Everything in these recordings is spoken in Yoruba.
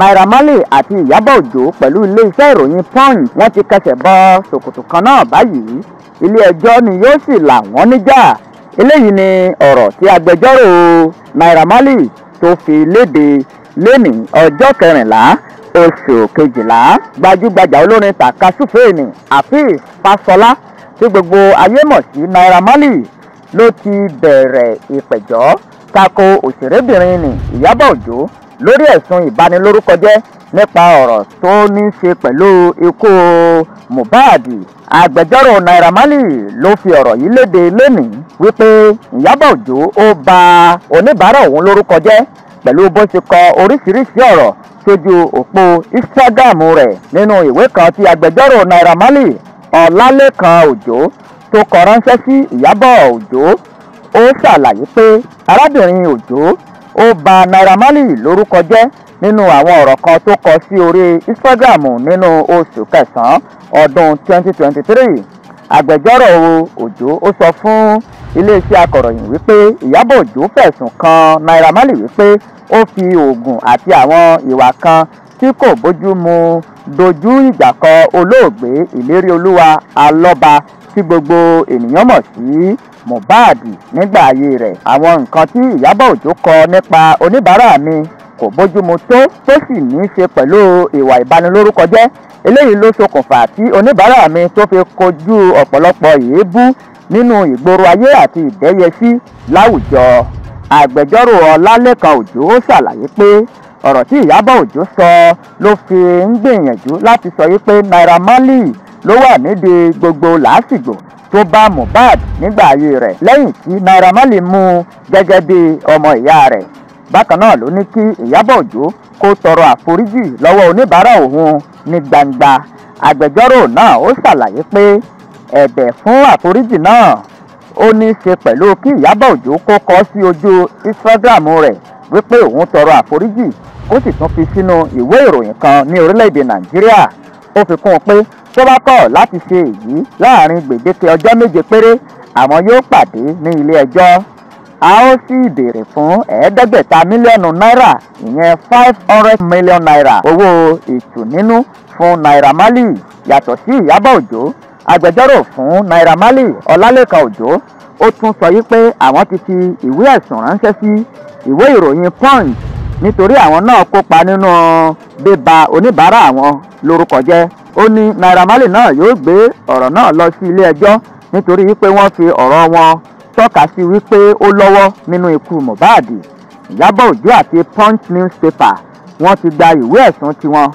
naira marley àti ìyábọ̀ òjó pẹ̀lú iléeṣẹ́ ìròyìn punch wọ́n ti kẹsẹ̀ bọ ṣòkòtò kan náà báyìí ilé-ẹjọ́ ni yóò sì là wọ́n níjà eléyìí ni ọ̀rọ̀ tí agbẹjọ́rò naira marley tó fi léde lẹ́nìí ọjọ́ kẹrìnlá oṣù kejìlá gbajúgbajà olórin tàkasúfèé ni afeez fasola tí gbogbo ayé mọ̀ sí naira marley ló ti bẹ̀rẹ̀ ìpẹ̀jọ́ tako òṣèrébìnrin ni ìyábọ̀ òjó lórí ẹ̀sùn ìbanilórúkọjẹ́ nípa ọ̀rọ̀ tó ní ṣe pẹ̀lú ikú Mohbad agbẹjọ́rò Naira Marley ló fi ọ̀rọ̀ yìí léde lónìí wípé Ìyábọ̀ Òjó ó ba oníbàárà òun lórúkọ jẹ́ pẹ̀lú bó ṣe kọ oríṣiríṣi ọ̀rọ̀ sójú òpó Instagram rẹ̀ nínú ìwé kan tí agbẹjọ́rò Naira Marley Ọlálékan Òjó tó kọ ránṣẹ́ sí Ìyábọ̀ Òjó ó ṣàlàyé pé arábìnrin Òjó ó ba naira marley lórúkọ jẹ́ nínú àwọn ọ̀rọ̀ kan tó kọ sí orí instagram nínú oṣù kẹsàn-án ọdún 2023 agbẹjọ́rò òjò ó sọ fún iléeṣẹ́ akọ̀ròyìn wípé ìyábọ̀ òjò fẹ̀sùn kan naira marley wípé ó fi oògùn àti àwọn ìwà kan tí kò bójú mu dojú ìjà kọ olóògbé ìlérí olúwa alọ́ba tí gbogbo ènìyàn mọ̀ sí Mohbad nígbà ayé rẹ̀ àwọn nǹkan tí Ìyábọ̀ Òjó kọ nípa oníbàárà mi kò bójúmu tó tó sì ní í ṣe pẹ̀lú ìwà ìbanilórúkọjẹ́ eléyìí ló ṣokùnfà tí oníbàárà mi tó fi kojú ọ̀pọ̀lọpọ̀ èébú nínú ìgboro ayé àti ìdẹ́yẹsí láwùjọ agbẹjọ́rò ọlálẹ́kan òjó ṣàlàyé pé ọ̀rọ̀ tí ìyábọ̀ òjó sọ ló fi ń gbìyànjú láti sọ yí pé naira marley ló wà nídìí gbogbo làásìgbò tó bá Mohbad nígbà ayé rẹ̀ lẹ́yìn tí Naira Marley mú un gẹ́gẹ́ bí ọmọ ìyá rẹ̀ bákan náà ló ní kí Ìyábọ̀ Òjó kó tọrọ àforíjì lọ́wọ́ oníbàárà òun ní gbangba agbẹjọ́rò náà ó ṣàlàyé pé ẹ̀bẹ̀ fún àforíjì náà ó ní í ṣe pẹ̀lú kí Ìyábọ̀ Òjó kó kọ sí ojú Instagram rẹ̀ wípé òun tọrọ àforíjì ó sì tún fi sínú ìwé ìròyìn kan ní orílẹ̀-èdè Nàìjíríà ó fi kún un pé tó bá kọ̀ láti ṣe èyí láàrin gbèdéke ọjọ́ méje péré àwọn yóò pàdé ní ilé ẹjọ́ a ó sì béèrè fún ẹ̀ẹ́dẹ́gbẹ̀ta mílíọ̀nù náírà ìyẹn five hundred million naira owó ìtùnínú fún Naira Marley yàtọ̀ sí Ìyábọ̀ Òjó agbẹjọ́rò fún Naira Marley Ọlálẹ́kan Òjó ó tún sọ yìí pé àwọn ti fi ìwé ẹ̀sùn ránṣẹ́ sí ìwé ìròyìn Punch nítorí àwọn náà kópa nínú bíba oníbàárà àwọn lórúkọ jẹ́ ó ní Naira Marley náà yóò gbé ọ̀rọ̀ náà lọ sí ilé ẹjọ́ nítorí wípé wọ́n fi ọ̀rọ̀ wọn tọ́ka sí wípé ó lọ́wọ́ nínú ikú Mohbad Ìyábọ̀ Òjó àti Punch newspaper wọ́n ti gba ìwé ẹ̀sùn tiwọn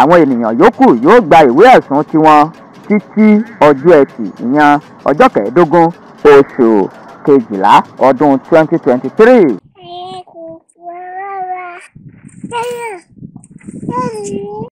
àwọn ènìyàn yòókù yóò gba ìwé ẹ̀sùn tiwọn títí ọjọ́ ẹtì ìyẹn ọjọ́ kẹẹ̀ẹ́dógún oṣù kejìlá ọdún 2023. ẹ̀yin kò